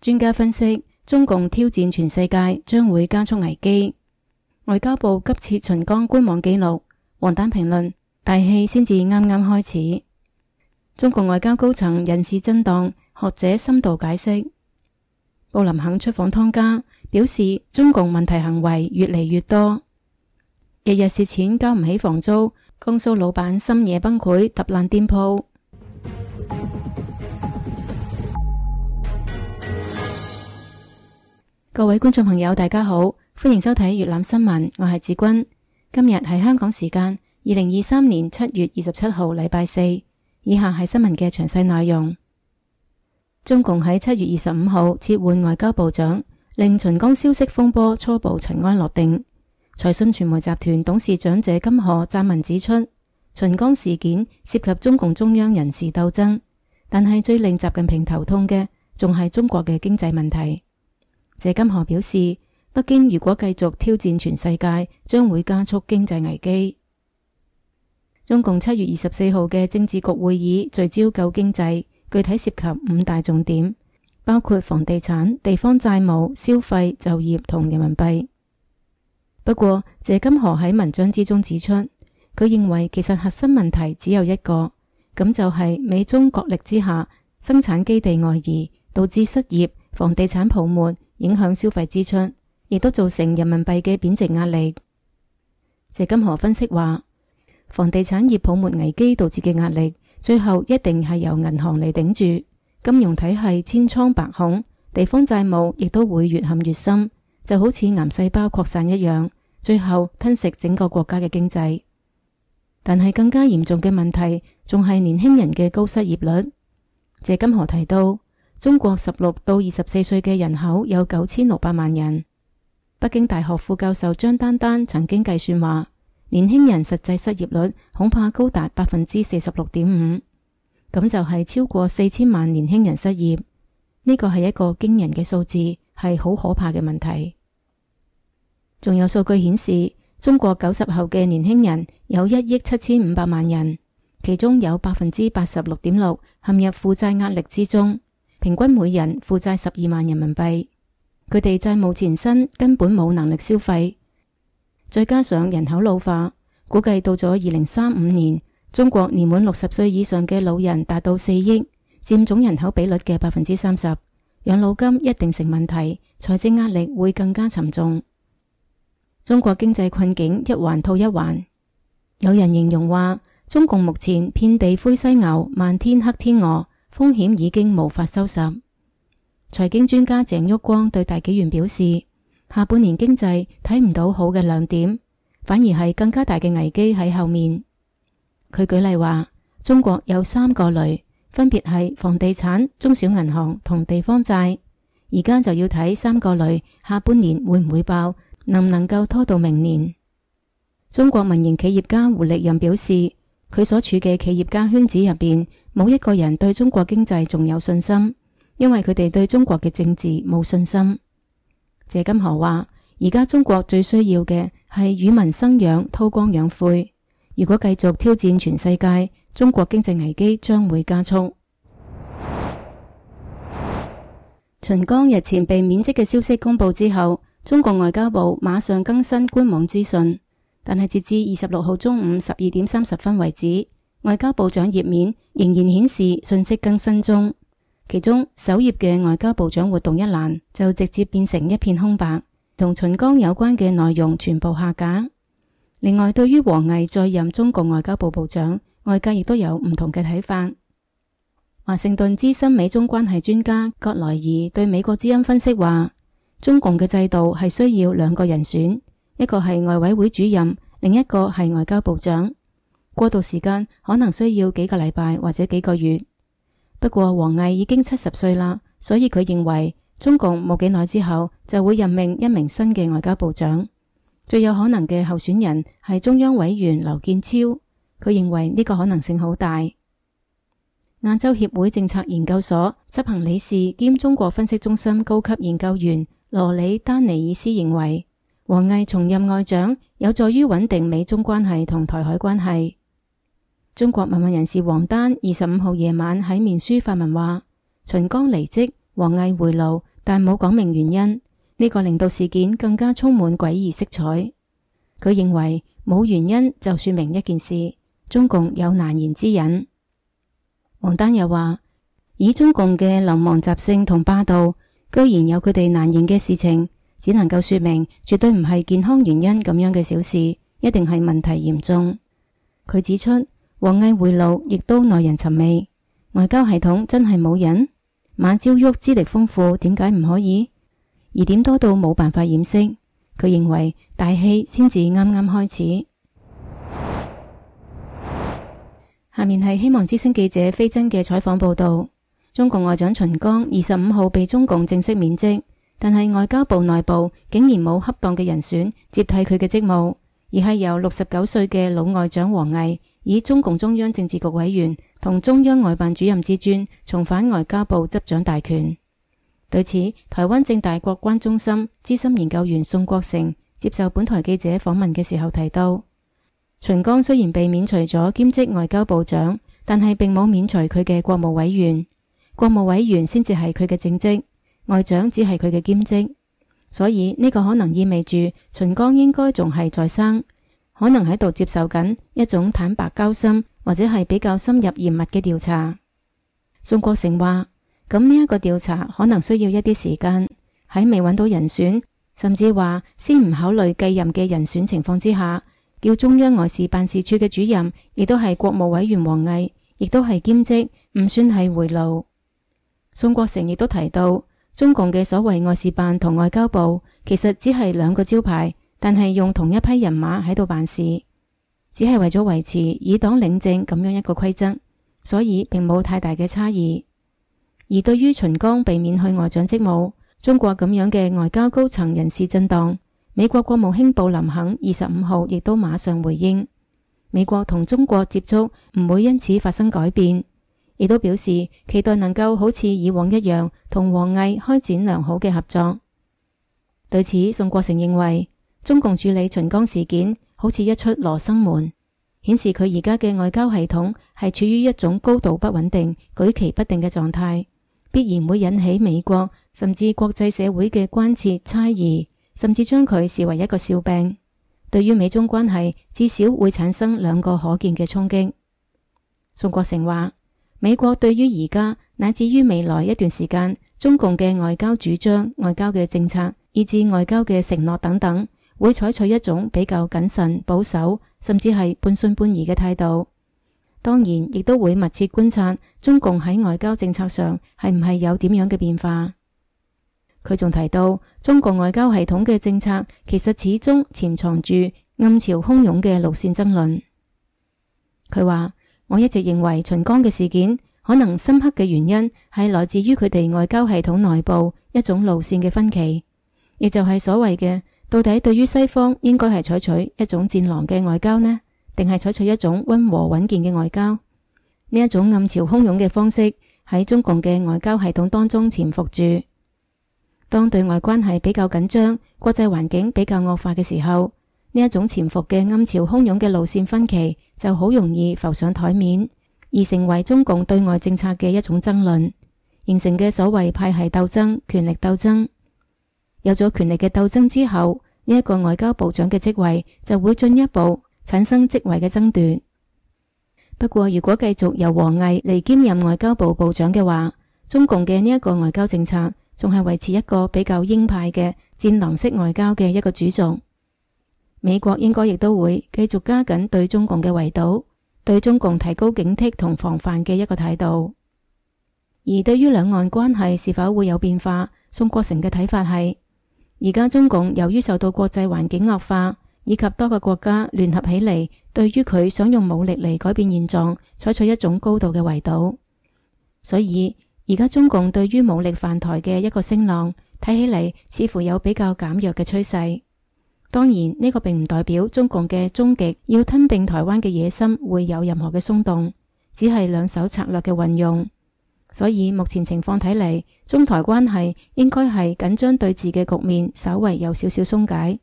專家分析，中共挑戰全世界將會加速危機。外交部急撤秦剛官網記錄，王丹評論：大戲先至啱啱開始。中共外交高層人事震盪，學者深度解析。布林肯出訪湯加，表示中共問題行為越嚟越多，日日蝕錢交唔起房租，江蘇老闆深夜崩潰，揼爛店鋪。各位觀眾朋友，大家好，歡迎收睇《粵覽新聞》，我係紫君。今日係香港時間二零二三年七月二十七號，禮拜四。以下係新聞嘅詳細內容。中共喺七月二十五號撤換外交部長，令秦剛消失風波初步塵埃落定。財信傳媒集團董事長謝金河撰文指出，秦剛事件涉及中共中央人事鬥爭，但係最令習近平頭痛嘅，仲係中國嘅經濟問題。謝金河表示，北京如果繼續挑戰全世界，將會加速經濟危機。中共七月二十四號嘅政治局會議聚焦救經濟，具體涉及五大重點，包括房地產、地方債務、消費、就業同人民幣。不過，謝金河喺文章之中指出，佢認為其實核心問題只有一個，咁就係美中角力之下，生產基地外移，導致失業、房地產泡沫。影響消費支出，亦都造成人民幣嘅貶值壓力。謝金河分析話，房地產業泡沫危機導致嘅壓力，最後一定係由銀行嚟頂住，金融體系千瘡百孔，地方債務亦都會越陷越深，就好似癌細胞擴散一樣，最後吞食整個國家嘅經濟。但係更加嚴重嘅問題，仲係年輕人嘅高失業率。謝金河提到。中國十六到二十四歲嘅人口有九千六百萬人。北京大學副教授張丹丹曾經計算話，年輕人實際失業率恐怕高達百分之四十六點五，咁就係超過四千萬年輕人失業。呢個係一個驚人嘅數字，係好可怕嘅問題。仲有數據顯示，中國九十後嘅年輕人有一億七千五百萬人，其中有百分之八十六點六陷入負債壓力之中。平均每人負債十二萬人民幣，佢哋債務纏身，根本冇能力消費。再加上人口老化，估計到咗二零三五年，中國年滿六十歲以上嘅老人達到四億，佔總人口比率嘅百分之三十，養老金一定成問題，財政壓力會更加沉重。中國經濟困境一環套一環，有人形容話：中共目前遍地灰犀牛，漫天黑天鵝。風險已經無法收拾。財經專家鄭旭光對大紀元表示，下半年經濟睇唔到好嘅亮點，反而係更加大嘅危機喺後面。佢舉例話，中國有三個雷，分別係房地產、中小銀行同地方債，而家就要睇三個雷下半年會唔會爆，能唔能夠拖到明年。中國民營企業家胡力人表示，佢所處嘅企業家圈子入邊。冇一個人對中國經濟仲有信心，因為佢哋對中國嘅政治冇信心。謝金河話：而家中國最需要嘅係與民生養，韜光養晦。如果繼續挑戰全世界，中國經濟危機將會加速。 秦剛日前被免職嘅消息公布之後，中國外交部馬上更新官網資訊，但係截至二十六號中午十二點三十分為止。外交部長頁面仍然顯示信息更新中，其中首頁嘅外交部長活動一欄就直接變成一片空白，同秦剛有關嘅內容全部下架。另外，對於王毅再任中國外交部部長，外界亦都有唔同嘅睇法。華盛頓資深美中關係專家葛萊爾對美國之音分析話：中共嘅制度係需要兩個人選，一個係外委會主任，另一個係外交部長。過渡時間可能需要幾個禮拜或者幾個月，不過王毅已經七十歲啦，所以佢認為中共冇幾耐之後就會任命一名新嘅外交部長。最有可能嘅候選人係中央委員劉建超，佢認為呢個可能性好大。亞洲協會政策研究所執行理事兼中國分析中心高級研究員羅里丹尼爾斯認為，王毅重任外長有助於穩定美中關係同台海關係。中國文化人士王丹二十五號夜晚喺面書發文話：秦剛離職，王毅回爐，但冇講明原因。呢個令到事件更加充滿詭異色彩。佢認為冇原因就說明一件事：中共有難言之隱。王丹又話：以中共嘅流氓習性同霸道，居然有佢哋難言嘅事情，只能夠說明絕對唔係健康原因咁樣嘅小事，一定係問題嚴重。佢指出。王毅回路亦都耐人尋味，外交系統真係冇人？馬朝旭資歷豐富，點解唔可以？疑點多到冇辦法掩飾，佢認為大戲先至啱啱開始。 下面係希望之聲記者飛真嘅採訪報道：，中共外長秦剛二十五號被中共正式免職，但係外交部內部竟然冇恰當嘅人選接替佢嘅職務，而係由六十九歲嘅老外長王毅，以中共中央政治局委員同中央外辦主任之尊，重返外交部執掌大權。對此，台灣政大國關中心資深研究員宋國成接受本台記者訪問嘅時候提到：，秦剛雖然被免除咗兼職外交部長，但係並冇免除佢嘅國務委員。國務委員先至係佢嘅正職，外長只係佢嘅兼職，所以呢個可能意味住秦剛應該仲係在生。可能喺度接受緊一種坦白交心或者係比較深入嚴密嘅調查，宋國成話：咁呢一個調查可能需要一啲時間，喺未揾到人選，甚至話先唔考慮繼任嘅人選情況之下，叫中央外事辦事處嘅主任，亦都係國務委員王毅，亦都係兼職，唔算係回路。宋國成亦都提到，中共嘅所謂外事辦同外交部，其實只係兩個招牌。但係用同一批人馬喺度辦事，只係為咗維持以黨領政咁樣一個規則，所以並冇太大嘅差異。而對於秦剛被免去外長職務，中國咁樣嘅外交高層人事震盪，美國國務卿布林肯二十五號亦都馬上回應，美國同中國接觸唔會因此發生改變，亦都表示期待能夠好似以往一樣同王毅開展良好嘅合作。對此，宋國成認為。中共處理秦剛事件好似一出羅生門，顯示佢而家嘅外交系統係處於一種高度不穩定、舉棋不定嘅狀態，必然會引起美國甚至國際社會嘅關切猜疑，甚至將佢視為一個笑柄。對於美中關係，至少會產生兩個可見嘅衝擊。宋國成話：美國對於而家乃至於未來一段時間，中共嘅外交主張、外交嘅政策，以至外交嘅承諾等等。會採取一種比較謹慎、保守，甚至係半信半疑嘅態度。當然，亦都會密切觀察中共喺外交政策上係唔係有點樣嘅變化。佢仲提到中國外交系統嘅政策其實始終潛藏住暗潮洶湧嘅路線爭論。佢話，我一直認為秦剛嘅事件可能深刻嘅原因係來自於佢哋外交系統內部一種路線嘅分歧，亦就係所謂嘅，到底對於西方應該係採取一種戰狼嘅外交呢，定係採取一種溫和穩健嘅外交？呢一種暗潮洶湧嘅方式喺中共嘅外交系統當中潛伏住。當對外關係比較緊張、國際環境比較惡化嘅時候，呢一種潛伏嘅暗潮洶湧嘅路線分歧就好容易浮上台面，而成為中共對外政策嘅一種爭論，形成嘅所謂派系鬥爭、權力鬥爭。有咗權力嘅鬥爭之後，呢、這、一個外交部長嘅職位就會進一步產生職位嘅爭奪。不過，如果繼續由王毅嚟兼任外交部部長嘅話，中共嘅呢一個外交政策仲係維持一個比較鷹派嘅戰狼式外交嘅一個主軸。美國應該亦都會繼續加緊對中共嘅圍堵，對中共提高警惕同防範嘅一個態度。而對於兩岸關係是否會有變化，宋國成嘅睇法係。而家中共由於受到國際環境惡化，以及多個國家聯合起嚟，對於佢想用武力嚟改變現狀，採取一種高度嘅圍堵，所以而家中共對於武力犯台嘅一個聲浪，睇起嚟似乎有比較減弱嘅趨勢。當然呢個並唔代表中共嘅終極要吞併台灣嘅野心會有任何嘅鬆動，只係兩手策略嘅運用。所以目前情況睇嚟，中台關係應該係緊張對峙嘅局面，稍微有少少鬆解，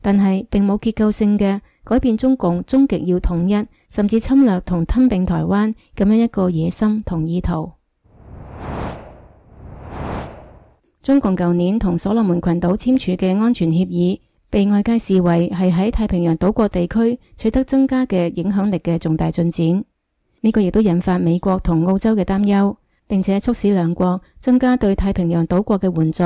但係並冇結構性嘅改變。中共終極要統一，甚至侵略同吞併台灣咁樣一個野心同意圖。中共舊年同所羅門群島簽署嘅安全協議，被外界視為係喺太平洋島國地區取得增加嘅影響力嘅重大進展。呢個亦都引發美國同澳洲嘅擔憂。並且促使兩國增加對太平洋島國嘅援助。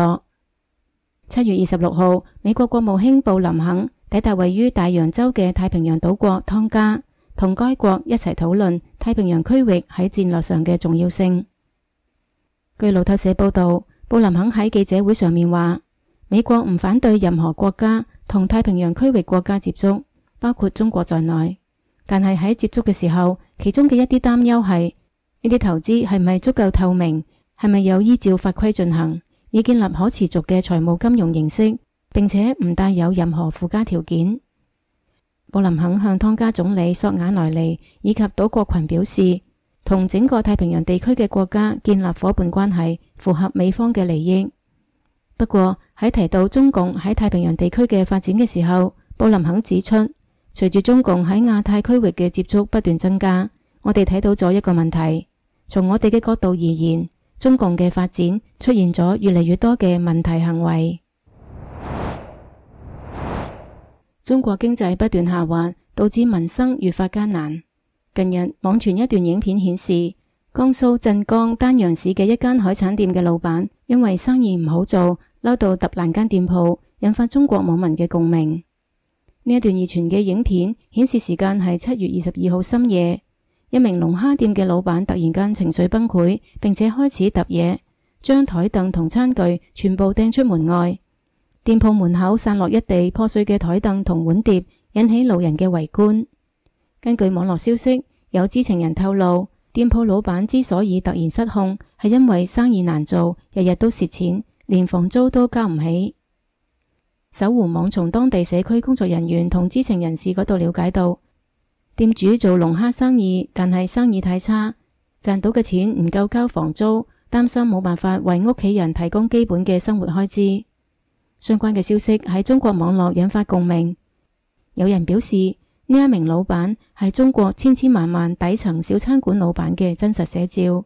七月二十六號，美國國務卿布林肯抵達位於大洋洲嘅太平洋島國湯加，同該國一齊討論太平洋區域喺戰略上嘅重要性。據路透社報道，布林肯喺記者會上面話，美國唔反對任何國家同太平洋區域國家接觸，包括中國在內。但係喺接觸嘅時候，其中嘅一啲擔憂係。呢啲投資係咪足夠透明？係咪有依照法規進行，以建立可持續嘅財務金融形式，並且唔帶有任何附加條件？布林肯向湯加總理索瓦萊尼以及島國群表示，同整個太平洋地區嘅國家建立夥伴關係，符合美方嘅利益。不過喺提到中共喺太平洋地區嘅發展嘅時候，布林肯指出，隨住中共喺亞太區域嘅接觸不斷增加，我哋睇到咗一個問題。從我哋嘅角度而言，中共嘅發展出現咗越嚟越多嘅問題行為。中國經濟不斷下滑，導致民生越發艱難。近日網傳一段影片顯示，江蘇鎮江丹陽市嘅一間海產店嘅老闆，因為生意唔好做，嬲到揼爛間店鋪，引發中國網民嘅共鳴。呢一段熱傳嘅影片顯示時間係七月二十二號深夜。一名龍蝦店嘅老闆突然間情緒崩潰，並且開始揼嘢，將台凳同餐具全部掟出門外。店鋪門口散落一地破碎嘅台凳同碗碟，引起路人嘅圍觀。根據網絡消息，有知情人透露，店鋪老闆之所以突然失控，係因為生意難做，日日都蝕錢，連房租都交唔起。搜狐網從當地社區工作人員同知情人士嗰度了解到。店主做龍蝦生意，但係生意太差，賺到嘅錢唔夠交房租，擔心冇辦法為屋企人提供基本嘅生活開支。相關嘅消息喺中國網絡引發共鳴，有人表示呢一名老闆係中國千千萬萬底層小餐館老闆嘅真實寫照。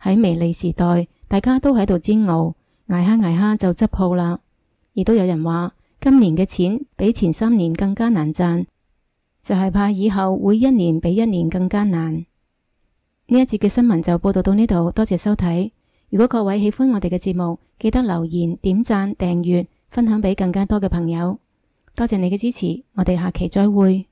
喺微利時代，大家都喺度煎熬，挨下挨下就執鋪啦。亦都有人話今年嘅錢比前三年更加難賺。就係怕以後會一年比一年更加難。呢一節嘅新聞就報道到呢度，多謝收睇。如果各位喜歡我哋嘅節目，記得留言、點贊、訂閱、分享俾更加多嘅朋友。多謝你嘅支持，我哋下期再會。